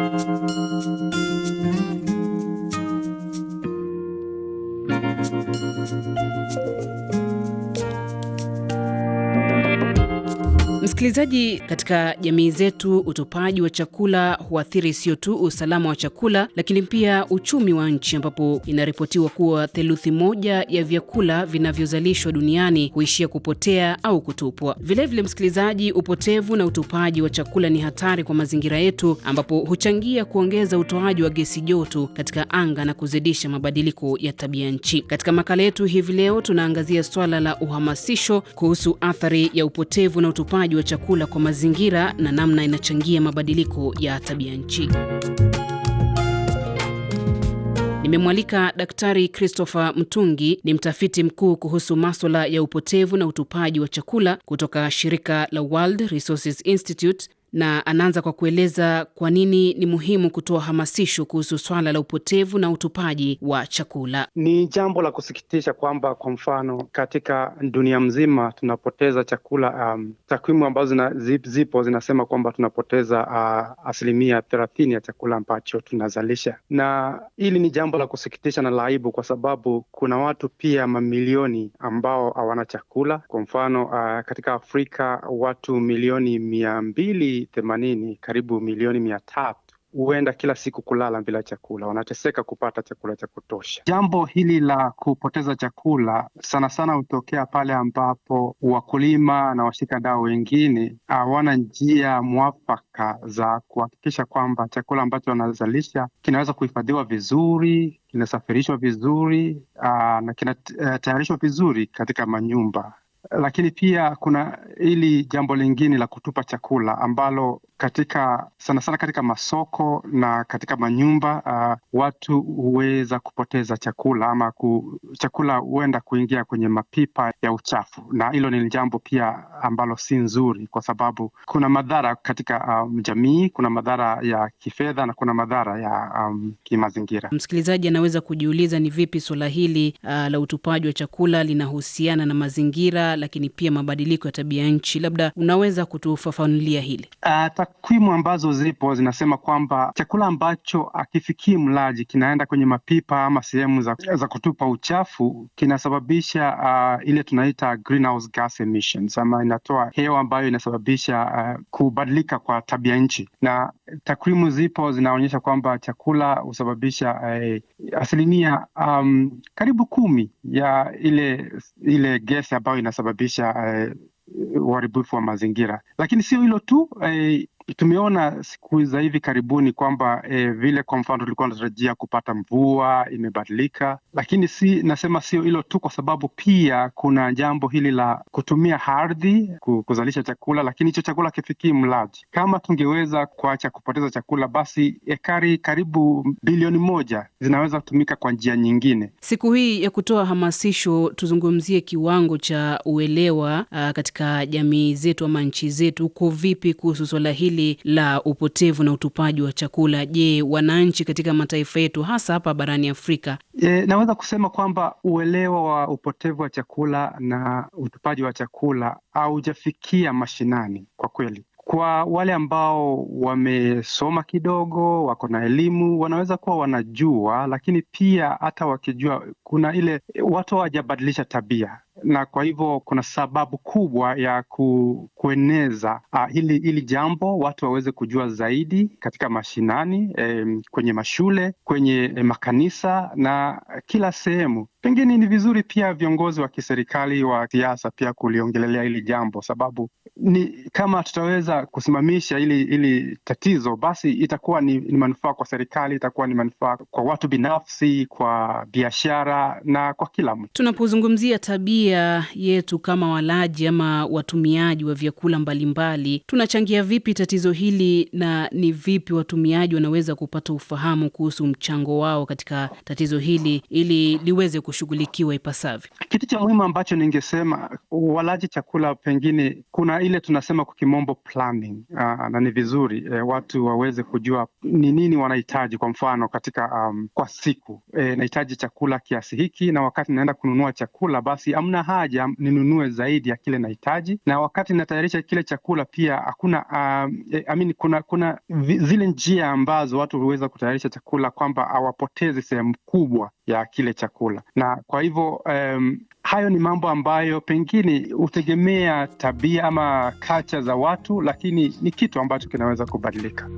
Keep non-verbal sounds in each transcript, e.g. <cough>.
Thank you. Msikilizaji, katika jamii zetu utupaji wa chakula huathiri sio tu usalama wa chakula, lakini pia uchumi wa nchi, ambapo inaripotiwa kuwa theluthi moja ya vyakula vinavyozalishwa duniani huishia kupotea au kutupwa. Vilevile msikilizaji, upotevu na utupaji wa chakula ni hatari kwa mazingira yetu, ambapo huchangia kuongeza utoaji wa gesi joto katika anga na kuzidisha mabadiliko ya tabia nchi. Katika makala yetu hivi leo tunaangazia swala la uhamasisho kuhusu athari ya upotevu na utupaji wa chakula kwa mazingira na namna inachangia mabadiliko ya tabia nchi. Nimemwalika Daktari Christopher Mtungi, ni mtafiti mkuu kuhusu maswala ya upotevu na utupaji wa chakula kutoka shirika la World Resources Institute na anaanza kwa kueleza kwa nini ni muhimu kutoa hamasisho kuhusu swala la upotevu na utupaji wa chakula. Ni jambo la kusikitisha kwamba kwa mfano katika dunia mzima tunapoteza chakula. Um, takwimu ambazo zina, zipo zinasema kwamba tunapoteza uh, asilimia thelathini ya chakula ambacho tunazalisha, na hili ni jambo la kusikitisha na la aibu, kwa sababu kuna watu pia mamilioni ambao hawana chakula. Kwa mfano uh, katika Afrika watu milioni mia mbili themanini, karibu milioni mia tatu huenda kila siku kulala bila chakula, wanateseka kupata chakula cha kutosha. Jambo hili la kupoteza chakula sana sana hutokea pale ambapo wakulima na washika dau wengine hawana njia mwafaka za kuhakikisha kwamba chakula ambacho wanazalisha kinaweza kuhifadhiwa vizuri, kinasafirishwa vizuri aa, na kinatayarishwa eh, vizuri katika manyumba lakini pia kuna hili jambo lingine la kutupa chakula ambalo katika sana sana katika masoko na katika manyumba uh, watu huweza kupoteza chakula ama ku, chakula huenda kuingia kwenye mapipa ya uchafu, na hilo ni jambo pia ambalo si nzuri, kwa sababu kuna madhara katika um, jamii, kuna madhara ya kifedha na kuna madhara ya um, kimazingira. Msikilizaji anaweza kujiuliza ni vipi suala hili uh, la utupaji wa chakula linahusiana na mazingira lakini pia mabadiliko ya tabia nchi. Labda unaweza kutufafanulia hili? Uh, takwimu ambazo zipo zinasema kwamba chakula ambacho akifikii mlaji kinaenda kwenye mapipa ama sehemu za, za kutupa uchafu kinasababisha uh, ile tunaita greenhouse gas emissions, ama inatoa hewa ambayo inasababisha uh, kubadilika kwa tabia nchi, na takwimu zipo zinaonyesha kwamba chakula husababisha uh, asilimia um, karibu kumi ya ile ile gesi ambayo inasababisha eh, uharibifu wa mazingira. Lakini sio hilo tu, eh, tumeona siku za hivi karibuni kwamba eh, vile kwa mfano tulikuwa natarajia kupata mvua imebadilika, lakini si nasema sio hilo tu, kwa sababu pia kuna jambo hili la kutumia ardhi kuzalisha chakula, lakini hicho chakula kifikii mlaji. Kama tungeweza kuacha kupoteza chakula, basi ekari karibu bilioni moja zinaweza kutumika kwa njia nyingine. Siku hii ya kutoa hamasisho, tuzungumzie kiwango cha uelewa a, ah, katika jamii zetu ama nchi zetu. Uko vipi kuhusu swala hili? hili la upotevu na utupaji wa chakula. Je, wananchi katika mataifa yetu hasa hapa barani Afrika? E, naweza kusema kwamba uelewa wa upotevu wa chakula na utupaji wa chakula haujafikia mashinani kwa kweli. Kwa wale ambao wamesoma kidogo, wako na elimu, wanaweza kuwa wanajua, lakini pia hata wakijua, kuna ile watu hawajabadilisha tabia na kwa hivyo kuna sababu kubwa ya ku, kueneza ah, hili hili jambo, watu waweze kujua zaidi katika mashinani eh, kwenye mashule, kwenye eh, makanisa na kila sehemu. Pengine ni vizuri pia viongozi wa kiserikali wa siasa pia kuliongelelea hili jambo, sababu ni kama tutaweza kusimamisha ili ili tatizo basi itakuwa ni, ni manufaa kwa serikali, itakuwa ni manufaa kwa watu binafsi, kwa biashara na kwa kila mtu. Tunapozungumzia tabia yetu kama walaji ama watumiaji wa vyakula mbalimbali, tunachangia vipi tatizo hili na ni vipi watumiaji wanaweza kupata ufahamu kuhusu mchango wao katika tatizo hili ili liweze kushughulikiwa ipasavyo? Kitu cha muhimu ambacho ningesema walaji chakula pengine kuna ile tunasema kwa kimombo planning, uh, na ni vizuri eh, watu waweze kujua ni nini wanahitaji. Kwa mfano katika um, kwa siku eh, nahitaji chakula kiasi hiki, na wakati naenda kununua chakula, basi amna haja ninunue zaidi ya kile nahitaji, na wakati natayarisha kile chakula pia hakuna um, eh, kuna kuna zile njia ambazo watu huweza kutayarisha chakula kwamba hawapotezi sehemu kubwa ya kile chakula, na kwa hivyo um, hayo ni mambo ambayo pengine hutegemea tabia ama kacha za watu, lakini ni kitu ambacho kinaweza kubadilika.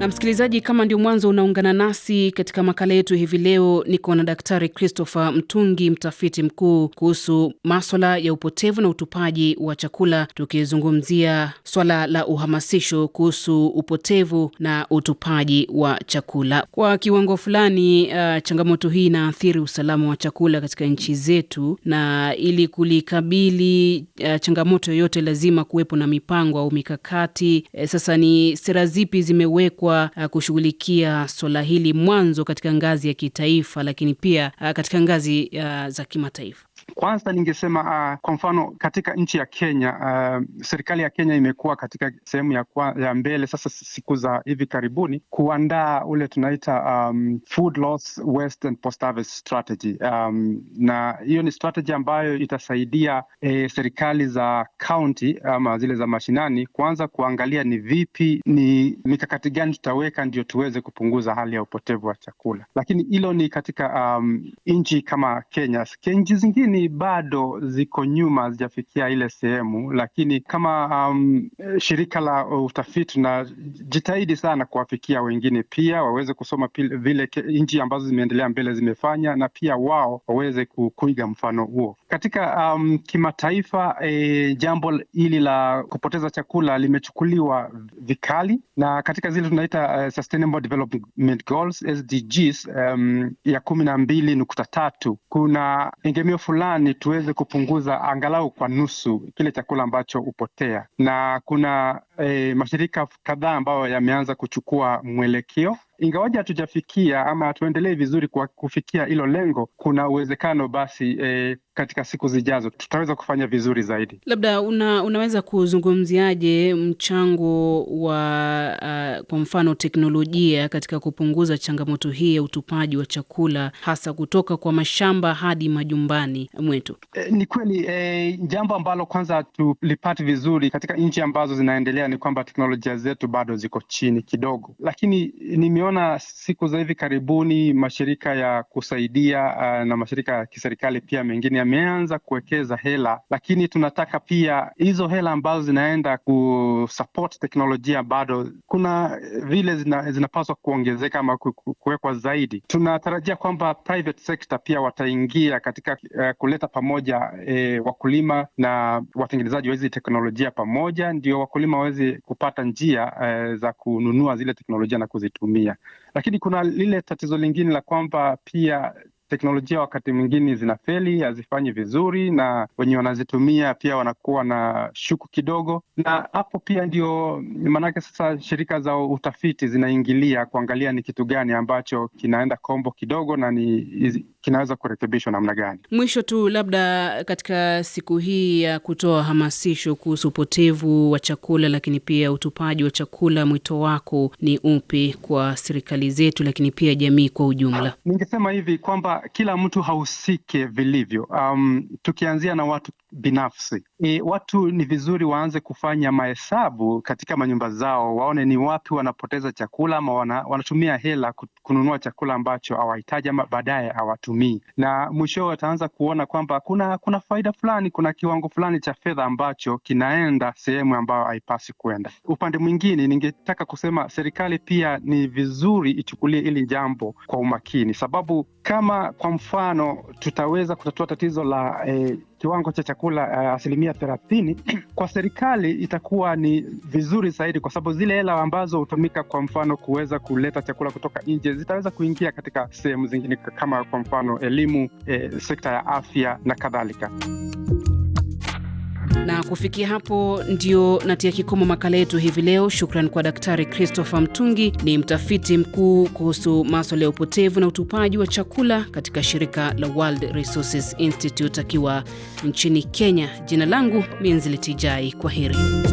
Na msikilizaji, kama ndio mwanzo unaungana nasi katika makala yetu hivi leo, niko na Daktari Christopher Mtungi, mtafiti mkuu kuhusu maswala ya upotevu na utupaji wa chakula, tukizungumzia swala la uhamasisho kuhusu upotevu na utupaji wa chakula. Kwa kiwango fulani, uh, changamoto hii inaathiri usalama wa chakula katika nchi zetu, na ili kulikabili uh, changamoto yoyote lazima kuwepo na mipango au mikakati. Eh, sasa ni sera zipi zimewekwa kwa uh, kushughulikia swala hili mwanzo katika ngazi ya kitaifa, lakini pia uh, katika ngazi uh, za kimataifa? Kwanza ningesema uh, kwa mfano katika nchi ya Kenya uh, serikali ya Kenya imekuwa katika sehemu ya, ya mbele sasa siku za hivi karibuni kuandaa ule tunaita um, food loss and post strategy um, na hiyo ni strategy ambayo itasaidia eh, serikali za kaunti ama zile za mashinani kuanza kuangalia ni vipi, ni mikakati gani tutaweka ndio tuweze kupunguza hali ya upotevu wa chakula. Lakini hilo ni katika um, nchi kama Kenya. Nchi zingine bado ziko nyuma, hazijafikia ile sehemu, lakini kama um, shirika la utafiti tunajitahidi sana kuwafikia wengine pia waweze kusoma vile nchi ambazo zimeendelea mbele zimefanya, na pia wao waweze kuiga mfano huo. Katika um, kimataifa e, jambo hili la kupoteza chakula limechukuliwa vikali, na katika zile tunaita uh, Sustainable Development Goals SDGs, um, ya kumi na mbili nukta tatu kuna engemeo fulani tuweze kupunguza angalau kwa nusu kile chakula ambacho hupotea, na kuna e, mashirika kadhaa ambayo yameanza kuchukua mwelekeo ingawaji hatujafikia ama hatuendelei vizuri kwa kufikia hilo lengo, kuna uwezekano basi e, katika siku zijazo tutaweza kufanya vizuri zaidi. Labda una, unaweza kuzungumziaje mchango wa uh, kwa mfano teknolojia katika kupunguza changamoto hii ya utupaji wa chakula hasa kutoka kwa mashamba hadi majumbani mwetu? E, ni kweli e, jambo ambalo kwanza tulipati vizuri katika nchi ambazo zinaendelea ni kwamba teknolojia zetu bado ziko chini kidogo, lakini nimeona siku za hivi karibuni mashirika ya kusaidia uh, na mashirika ya kiserikali pia mengine yameanza kuwekeza hela, lakini tunataka pia hizo hela ambazo zinaenda kusupport teknolojia bado kuna vile zina, zinapaswa kuongezeka ama kuwekwa zaidi. Tunatarajia kwamba private sector pia wataingia katika uh, kuleta pamoja uh, wakulima na watengenezaji wa hizi teknolojia pamoja, ndio wakulima waweze waweze kupata njia eh, za kununua zile teknolojia na kuzitumia. Lakini kuna lile tatizo lingine la kwamba pia teknolojia wakati mwingine zinafeli, hazifanyi vizuri, na wenye wanazitumia pia wanakuwa na shuku kidogo, na hapo pia ndio maanake sasa shirika za utafiti zinaingilia kuangalia ni kitu gani ambacho kinaenda kombo kidogo na ni kinaweza kurekebishwa namna gani? Mwisho tu, labda katika siku hii ya kutoa hamasisho kuhusu upotevu wa chakula, lakini pia utupaji wa chakula, mwito wako ni upi kwa serikali zetu, lakini pia jamii kwa ujumla? Ningesema hivi kwamba kila mtu hahusike vilivyo. Um, tukianzia na watu binafsi e, watu ni vizuri waanze kufanya mahesabu katika manyumba zao, waone ni wapi wanapoteza chakula ama wana, wanatumia hela kununua chakula ambacho hawahitaji ama baadaye hawatu hawatumii, na mwishowe wataanza kuona kwamba kuna kuna faida fulani, kuna kiwango fulani cha fedha ambacho kinaenda sehemu ambayo haipasi kwenda. Upande mwingine, ningetaka kusema serikali pia ni vizuri ichukulie hili jambo kwa umakini, sababu kama kwa mfano tutaweza kutatua tatizo la eh, kiwango cha chakula uh, asilimia thelathini <clears throat> kwa serikali itakuwa ni vizuri zaidi, kwa sababu zile hela ambazo hutumika kwa mfano kuweza kuleta chakula kutoka nje zitaweza kuingia katika sehemu zingine kama kwa mfano elimu, eh, sekta ya afya na kadhalika. Na kufikia hapo ndio natia kikomo makala yetu hivi leo. Shukran kwa Daktari Christopher Mtungi, ni mtafiti mkuu kuhusu maswala ya upotevu na utupaji wa chakula katika shirika la World Resources Institute akiwa nchini Kenya. Jina langu minzilitijai kwa heri.